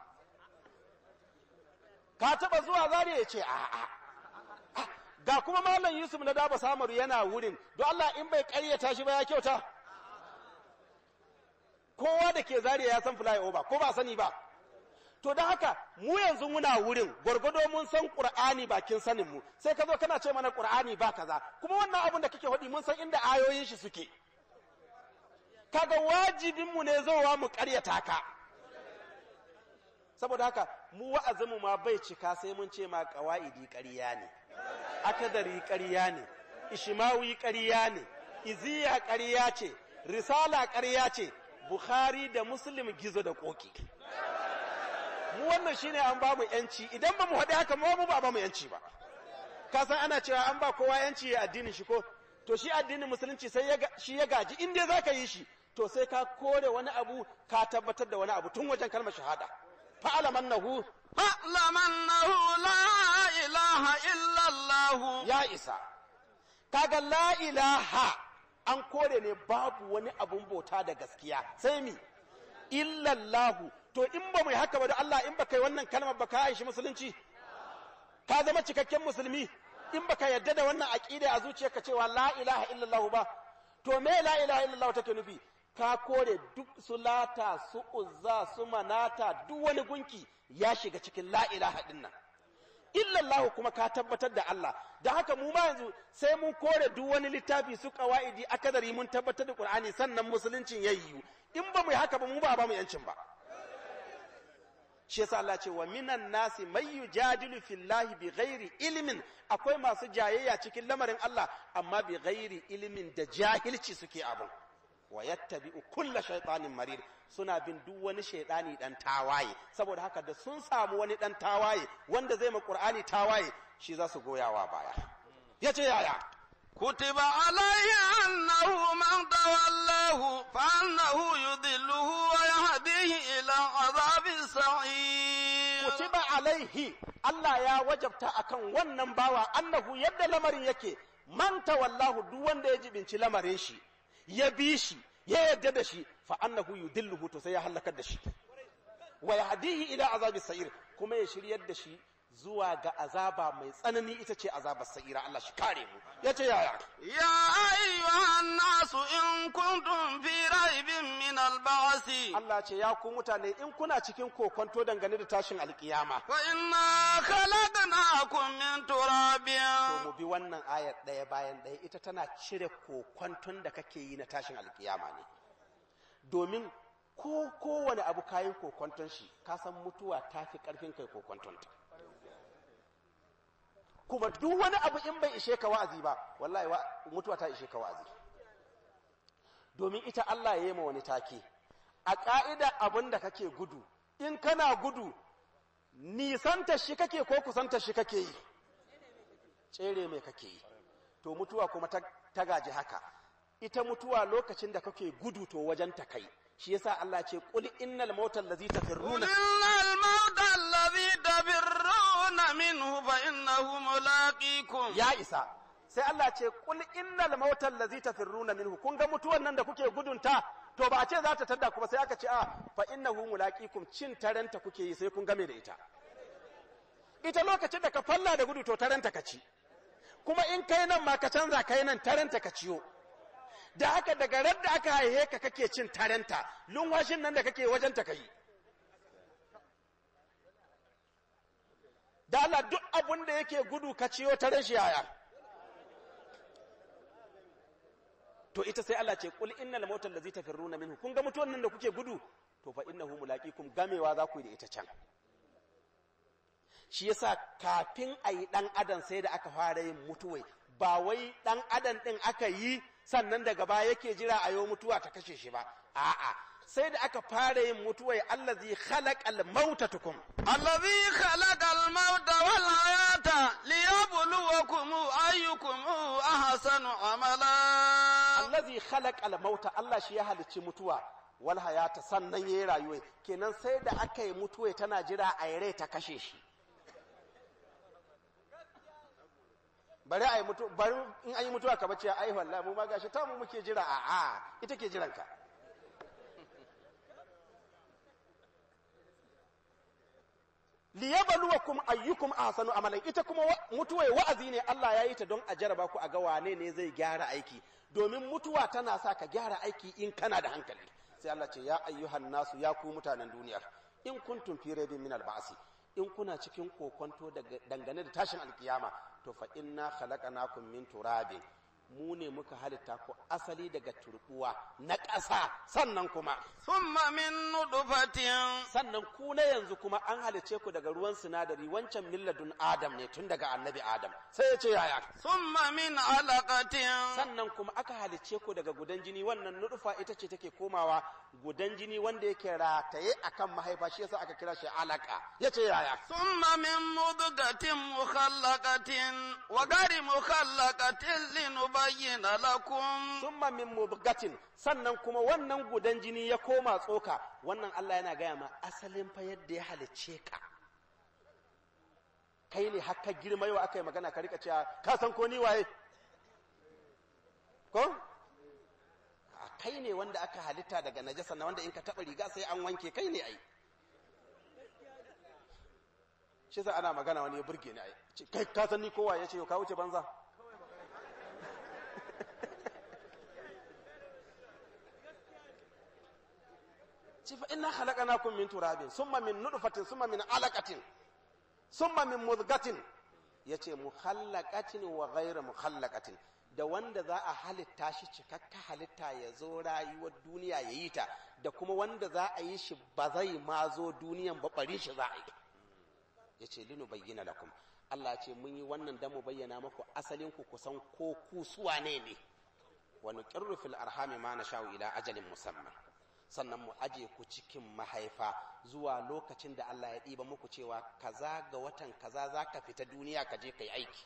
ka taɓa zuwa zariya ya ce a'a ah, ga kuma malam yusuf na daba samaru yana wurin don allah in bai ƙaryata shi ba ya kyauta kowa da ke zariya ya san ba ko ba sani ba to da haka mu yanzu muna wurin gwargwado mun san ƙur'ani bakin sanin mu sai ka zo kana ce mana ƙur'ani ba kaza kuma wannan abin da kake hodi mun san inda ayoyin shi suke kaga wajibinmu ne zowa mu karyata ka saboda haka mu wa'azinmu ma bai cika sai mun ce ma ƙawa'idi ƙarya ne akadari ƙarya ne ishimawi ƙarya ne iziya ƙarya ce risala ƙarya ce bukhari da muslim gizo da koki mu wannan shine an ba mu yanci idan ba mu haɗe haka ma mu ba ba mu yanci ba ka ana cewa an ba kowa yanci ya addinin shi ko to shi addinin musulunci sai shi ya gaji in dai zaka yi shi to sai ka kore wani abu ka tabbatar da wani abu tun wajen kalmar shahada fa'alamannahu nahu la ilaha illallah ya isa kaga la ilaha an kore ne babu wani abun bauta da gaskiya sai mi illallahu to in ba mai haka ba da Allah in baka yi wannan kalmar ba ka aishi musulunci ka zama cikakken musulmi in baka yadda da wannan aqida a zuciyarka cewa la ilaha illallah ba to me la ilaha illallah take nufi Ka kore duk su lata su uzza su manata duk wani gunki ya shiga cikin la'ira haɗin dinnan illallahu kuma ka tabbatar da Allah da haka mu ma yanzu sai mun kore duk wani littafi su qawaidi akadari mun tabbatar da Qur'ani sannan musuluncin yayyu in ba mu haka ba mu ba ba mu yancin ba shi yasa Allah ce wa minan nasi may yujadilu fillahi bi gairi ilmin akwai masu jayayya cikin lamarin Allah amma bi gairi ilimin da jahilci suke abun wa yattabi'u kulla shaytanin marir suna bin duk wani shaytani dan tawaye saboda haka da sun samu wani dan tawaye wanda zai ma qur'ani tawaye shi za su goyawa baya yace yaya kutiba alayhi annahu man tawallahu fa annahu yudilluhu wa yahdihi ila azabis sa'ir kutiba alayhi Allah ya wajabta akan wannan bawa annahu yadda lamarin yake man tawallahu duk wanda ya jibinci lamarin shi ya bi shi ya yadda da shi fa annahu yudilluhu to sai ya halakar da shi wa yahdihi ila azabi sa'ir kuma ya shiryar da shi zuwa ga azaba mai tsanani ita ce azabar sa'ira Allah shi kare mu ya ce yaya ya nasu in kuntum fi raibin min alba'asi Allah ce ya ku mutane in kuna cikin kokonto dangane da tashin alkiyama wa inna khalaqnakum min turabin to mu bi wannan ayar daya bayan daya ita tana cire kokonton da kake yi na tashin alkiyama ne domin ko kowane abu kayan kokonton shi ka san mutuwa ta fi karfin kai kokonton ta kuma duk wani abu in bai ishe ka wa'azi ba wallahi mutuwa ta ishe ka wa'azi domin ita Allah ya yi ma wani take a ƙa'ida abin da kake gudu in kana gudu nisanta shi kake ko kusanta shi kake yi tsere mai kake yi to mutuwa kuma ta gaji haka ita mutuwa lokacin da kake gudu to wajen ta kai shi yasa Allah ce qul innal mautal ladzi tafirruna innal mautal ladzi tafirruna تفرون huma فإنه ملاقيكم Ya isa sai Allah ce kul innal mautal ladzi tafirruna minhu kun ga mutuwan nan da kuke ta, to ba a ce za ta tadda ku ba sai aka ce a ah, fa innahu mulaqikum cin taranta kuke yi sai kun game da ita ita lokacin da ka falla da gudu to taranta ka ci kuma in kai nan ma ka canza kai nan taranta ka ciyo da haka daga rar da aka haihe ka kake cin taranta lunwashin nan da kake wajen ta kai da Allah duk abin da yake gudu ka ciyo ta rashi yaya to ita sai Allah ce kul innal mautal ladzi tafirruna minhu kun ga mutuwan nan da kuke gudu to fa innahu mulaqikum gamewa za ku yi da ita can shi yasa kafin ayi yi ɗan adam sai da aka fara yin mutuwai ba wai dan adam din aka yi sannan daga baya yake jira a yau mutuwa ta kashe shi ba a'a sai da aka fara yin mutuwa ya Allah allazi khalaqal almauta tukum allazi khalaqal almauta wal hayata liyabluwakum ayyukum ahsanu amala Allah allazi khalaqal almauta, Allah shi ya halicci mutuwa wal hayata sannan ya yi rayuwa kenan sai da aka yi mutuwa tana jira a yi rai ta kashe shi bari a yi mutuwa bari in an yi mutuwa ka bace ai wallahi mu ma gashi ta mu muke jira a'a ita ke jiranka liyabluwakum ayyukum ahsanu amalan ita kuma mutuwa wa'azi ne Allah ya yi ta don a jaraba ku a ga wane ne zai gyara aiki domin mutuwa tana sa ka gyara aiki in kana da hankali sai Allah ce ya ayyuhan nasu ya ku mutanen duniyar in kuntum fi raibin min alba'si in kuna cikin kokonto dangane da tashin alkiyama to fa inna khalaqnakum min turabin mu ne muka halitta ku asali daga turbuwa na ƙasa sannan kuma summa min nudfatin sannan ku na yanzu kuma an halice ku daga ruwan sinadari wancan milladun adam ne tun daga annabi adam sai ya ce yaya summa min alaqatin sannan kuma aka halice ku daga gudan jini wannan nudufa ita ce take komawa gudan jini wanda yake rataye a kan mahaifa shi yasa aka kira shi alaka yace yaya summa min mudugatin mukhallaqatin wa gari mukhallaqatin linubayyana lakum summa min mudugatin, sannan kuma wannan gudan jini ya koma tsoka wannan Allah yana gaya ma asalin fa yadda ya halicce ka kai ne haka girma yau aka yi magana ka rika cewa ka san ko ni waye ko kai ne wanda aka halitta daga najasa na wanda in ka taɓa riga sai an wanke kai ne ai shi sai ana magana wani ya burge ni ai kai ka san ni kowa ya ce ka wuce banza ci fa inna khalaqnakum min turabin summa min nutfatin summa min alaqatin summa min mudghatin yace muhallaqatin wa ghayra muhallaqatin da wanda za a halitta shi cikakka halitta ya zo rayuwar duniya ya yi ta da kuma wanda za a yi shi ba zai ma zo duniyan ba bari shi za a yi ya ce linu bayyana kuma. Allah ce mun yi wannan da mu bayyana maku asalin ku kusan ko ku suwa ne ne wa nuqirru fil arhami ma na sha'u ila ajalin musamman sannan mu aje ku cikin mahaifa zuwa lokacin da Allah ya ɗiba muku cewa kaza ga watan kaza za ka fita duniya ka je ka yi aiki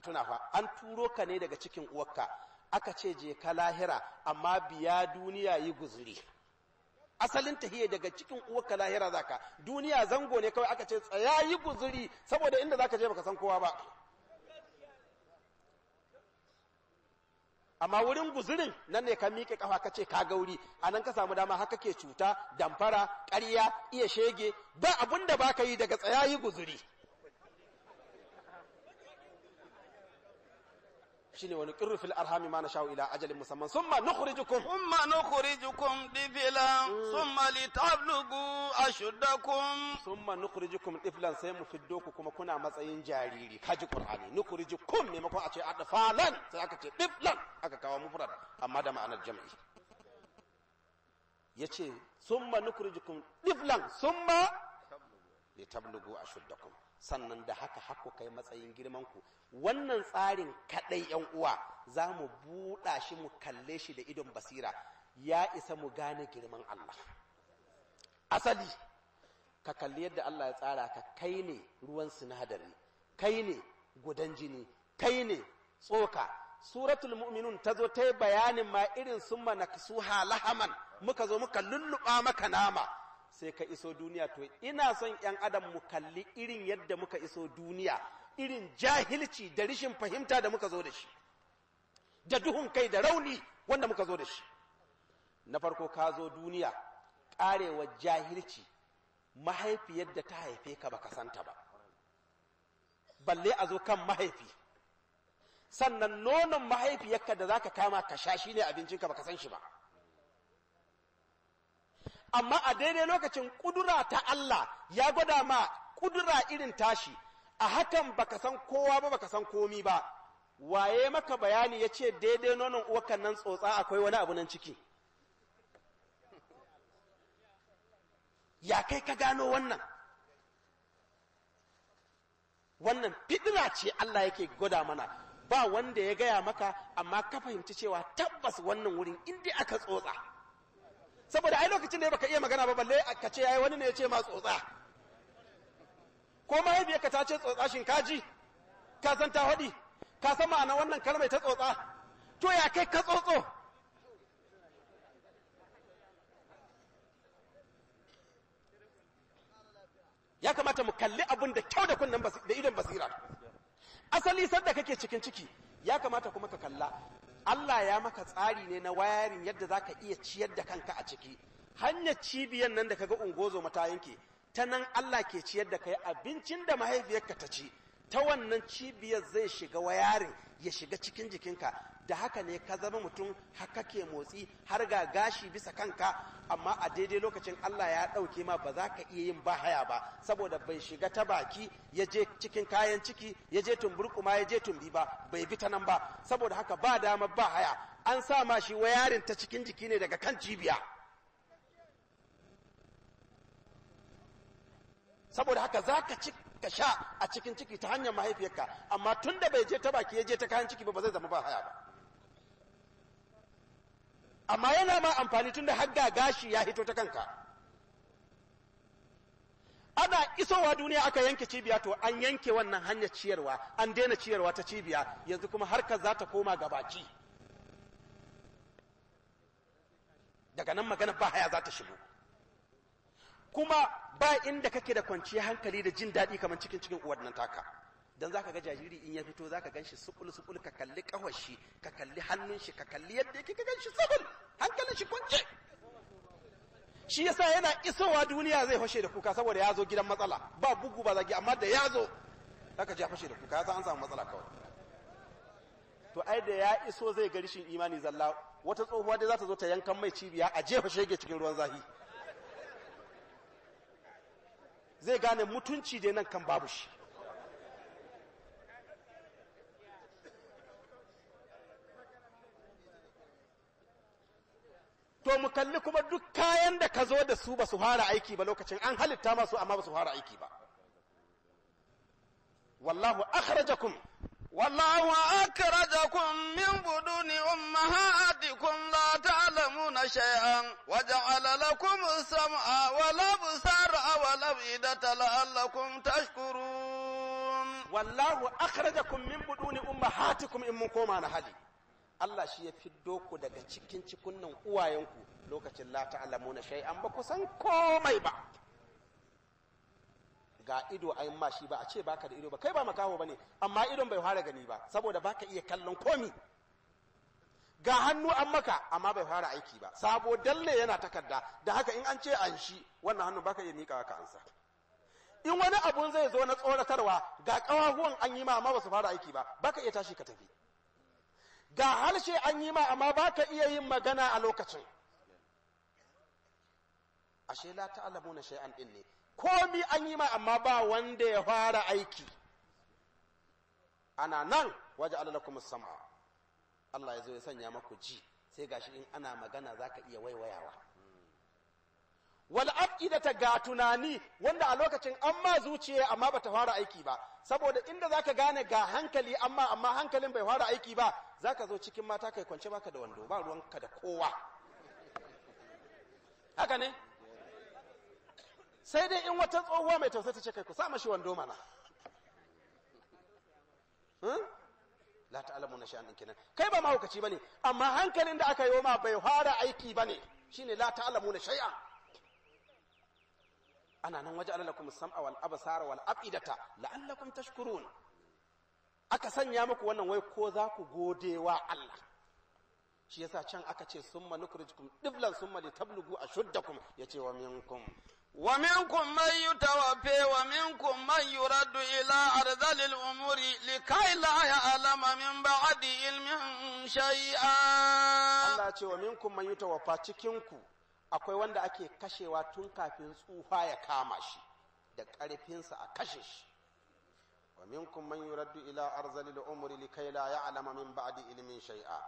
ka tuna fa an turo ka ne daga cikin uwarka aka ce je ka lahira amma biya duniya yi guzuri asalin tahiyya daga cikin uwarka lahira ka duniya zango ne kawai aka ce tsaya yi guzuri saboda inda zaka je baka san kowa ba amma wurin guzurin nan ne ka miƙe kafa ka ce ka gauri a nan ka samu dama haka ke cuta damfara ƙarya iya shege ba abun da baka yi daga tsaya yi guzuri shine wani qirru fil arhami ma nashau ila ajalin musamman summa nukhrijukum summa nukhrijukum diflan mm. summa litablugu ashuddakum summa nukhrijukum diflan sai mu fiddo ku kuma kuna matsayin jariri kaji qur'ani nukhrijukum maimakon a ce adfalan sai aka ce diflan aka kawo mufrad amma da ma'anar jam'i yace summa nukhrijukum diflan summa a ashuddakum sannan da haka haku kai matsayin girman ku wannan tsarin kadai yan uwa za mu buɗa shi mu kalle shi da idon basira ya isa mu gane girman Allah asali ka kalli yadda Allah ya tsara ka kai ne ruwan sinadari kai ne gudan jini kai ne tsoka suratul mu'minun ta zo ta yi bayanin ma irin sun manaksuha lahaman muka zo muka lulluɓa maka nama sai ka iso duniya to ina son ‘yan adam mu kalli irin yadda muka iso duniya irin jahilci da rishin fahimta da muka zo da shi da duhun kai da rauni wanda muka zo da shi na farko ka zo duniya ƙarewa jahilci mahaifi yadda ta haife ka baka santa ba balle a zo kan mahaifi sannan nonon mahaifiyarka da ka kama ka sha shi shine abincinka baka san shi ba amma a daidai lokacin kudura ta Allah ya gwada ma kudura irin tashi a hakan baka san kowa ba baka san komi ba waye maka bayani ya ce daidai nonon uwakan nan tsotsa akwai wani abu nan ciki ya kai ka gano wannan wannan fitila ce Allah yake gwada mana ba wanda ya gaya maka amma ka fahimci cewa tabbas wannan wurin inda aka tsotsa saboda ai lokacin da baka iya magana ba balle ka ce yayi wani ne ya ce ma tsotsa ko mahaifiyarka ta ce tsotsa shin ji? ka san ta haɗi ka san ma'ana wannan kalmai ta tsotsa to ya kai ka tsotso ya kamata mu kalli abin da kyau da kunnan da idon basira asali sanda kake cikin ciki ya kamata kuma ka kalla Allah ya maka tsari ne na wayarin yadda za ka iya ciyar da kanka a ciki hanyar cibiyar nan da ka ga ungozo ta yanke ta nan Allah ke ciyar da kai abincin da mahaifiyarka ta ci ta wannan cibiyar zai shiga wayarin ya shiga cikin jikinka da haka ne ka zama mutum haka ke motsi har ga gashi bisa kanka amma a daidai lokacin Allah ya ɗauke ma ba za ka iya yin bahaya ba saboda bai shiga ta baki ya je cikin kayan ciki ya je tumburkuma ya je tumbi ba bai bi ta nan ba saboda haka ba dama bahaya an sa ma shi wayarin ta cikin jiki ne daga kan cibiya saboda haka za ka ci ka sha a cikin ciki ta hanyar mahaifiyarka amma tun da bai je ta baki ya je ta kayan ciki ba ba zai zama ba haya ba amma yana ma amfani tun da hagga gashi ya hito ta kanka ana isowa duniya aka yanke cibiya to an yanke wannan hanyar ciyarwa an daina ciyarwa ta cibiya yanzu kuma harkar za ta koma ga baki daga nan magana ba haya za ta shigo kuma ba inda kake da kwanciyar hankali da jin daɗi kamar cikin cikin uwar nan taka za ka ga jajiri in ya fito za gan ganshi subul subul ka kalli kawar shi ka kalli hannun shi ka kalli yadda yake ka ganshi sabon hankalin shi kwance shi yasa yana isowa duniya zai fashe da kuka saboda ya zo gidan matsala ba bugu ba zagi amma da ya zo zaka ji fashe da kuka ya san an samu matsala kawai to ai da ya iso zai ga rishin imani zalla wata tsohuwa dai za ta zo ta yankan mai cibiya a jefa shege cikin ruwan zahi zai gane mutunci dai nan kan babu shi to mu kalli kuma duk kayan da ka zo da su ba su fara aiki ba lokacin an halitta masu amma ba su fara aiki ba wallahu akhrajakum wallahu akhrajakum min buduni ummahatikum la ta'lamuna shay'an wa ja'ala lakum as-sam'a wal absara wal af'idata la'allakum tashkurun wallahu akhrajakum min buduni ummahatikum in mun koma na hali Allah shi ya fiddo ku daga cikin cikunnan uwayenku lokacin la na shay'an ba ku san komai ba ga ido ayin ma shi ba a ce baka da ido ba kai ba makaho bane amma idon bai fara gani ba saboda baka iya kallon komi ga hannu an maka amma bai fara aiki ba sabo dalle yana takarda da haka in an ce an shi wannan hannu baka iya mika ka ansa in wani abun zai zo na tsoratarwa ga kawahuwan an yi ma amma ba su fara aiki ba baka iya tashi ka tafi ga harshe an yi ma amma ba ka iya yin magana a lokacin ashe la ta'lamu na shay'an din ne komi an yi ma amma ba wanda ya fara aiki ana nan waje alalakum sama Allah ya zo ya sanya maku ji sai gashi in ana magana zaka iya waiwayawa wal ta ga tunani wanda a lokacin amma zuciya amma bata fara aiki ba saboda inda zaka gane ga hankali amma amma hankalin bai fara aiki ba za ka zo cikin mata kai kwance baka da wando ba ruwanka da kowa haka ne sai dai in wata tsohuwa mai tausa ta ce kai ku sa mashi wando mana hmm? la alamu na sha'anin kenan kai ba mahaukaci ne amma hankalin da aka yi ma bai fara aiki ba ne, shine la alamu na shay'a ana nan waje alalakum sam'a wal absara wal afidata la'allakum tashkurun aka sanya muku wannan wai ko za ku gode wa Allah shi yasa can aka ce summa nukrijkum diblan summa tablugu ashuddakum yace wa minkum wa minkum man yutawaffa wa minkum man yuraddu ila arzalil umuri likai la ya'lama min ba'di ilmin shay'a Allah ce wa minkum man yutawaffa cikin ku akwai wanda ake kashewa tun kafin tsufa ya kama shi da sa a kashe shi فمنكم من يرد ila arzalil umri لكي لا يعلم من بعد علم shay'a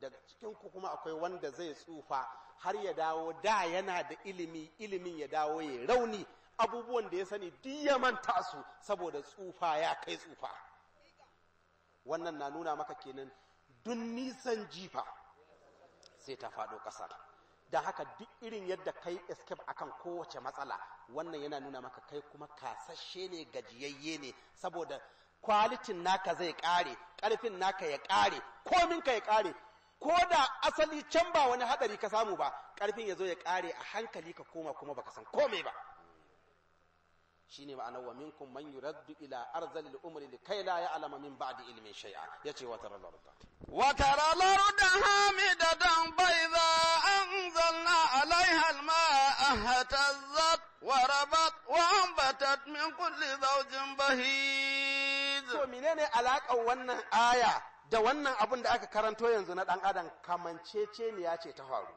daga cikinku kuma akwai wanda zai tsufa har ya dawo da yana da ilimi ilimin ya dawo ya rauni abubuwan da ya sani duk ya manta su saboda tsufa ya kai tsufa wannan na nuna maka kenan dun nisan jifa sai ta faɗo ƙasa da haka duk irin yadda kai escape akan kowace matsala wannan yana nuna maka kai kuma kasashe ne gajiyayye ne saboda kwalitin naka zai kare karfin naka ya kare ka ya kare ko da asali can ba wani hadari ka samu ba karfin ya zo ya kare a hankali ka koma kuma baka san komai ba shine ma'anar wa minkum man yuraddu ila arzalil umri likai la ya'lama min ba'di ilmin shay'a yace wa Wata wa Hamida arda hamidatan za. وأنزلنا عليها الماء اهتزت وربت وأنبتت من كل زوج بهيج to menene alakan wannan aya da wannan abun da aka karanto yanzu na dan adam kamanceceniya ce ta faru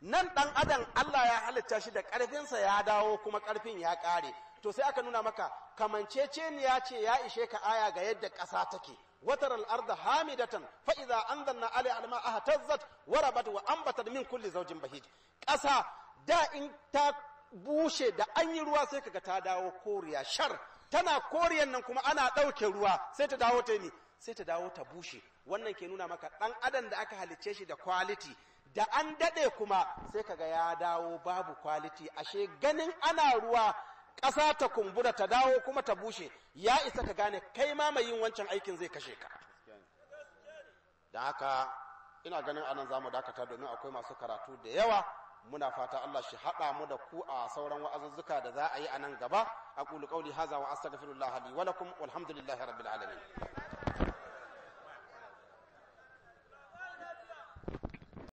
nan dan adam Allah ya halitta shi da ƙarfinsa ya dawo kuma karfin ya ƙare to sai aka nuna maka kamanceceniya ce ya ishe ka aya ga yadda ƙasa take watar al'arda hamidatan fa idza anzalna alai alma ahtazzat warabat wa ambatat min kulli zaujin bahij ƙasa da in ta bushe da an yi ruwa sai kaga ta dawo koriya shar tana koriyan nan kuma ana ɗauke ruwa sai ta dawo ta ni sai ta dawo ta bushe wannan ke nuna maka ɗan adam da aka halicce shi da kwaliti da an daɗe kuma sai kaga ya dawo babu kwaliti ashe ganin ana ruwa ƙasa ta kumbura ta dawo kuma ta bushe ya isa ka gane kai ma mai yin wancan aikin zai kashe ka da haka ina ganin anan za mu dakata domin akwai masu karatu da yawa muna fata Allah shi haɗa mu da ku a sauran wa'azuzzuka da za a yi a nan gaba a qawli haza wa astaghfirullah li wa lakum walhamdulillahi rabbil alamin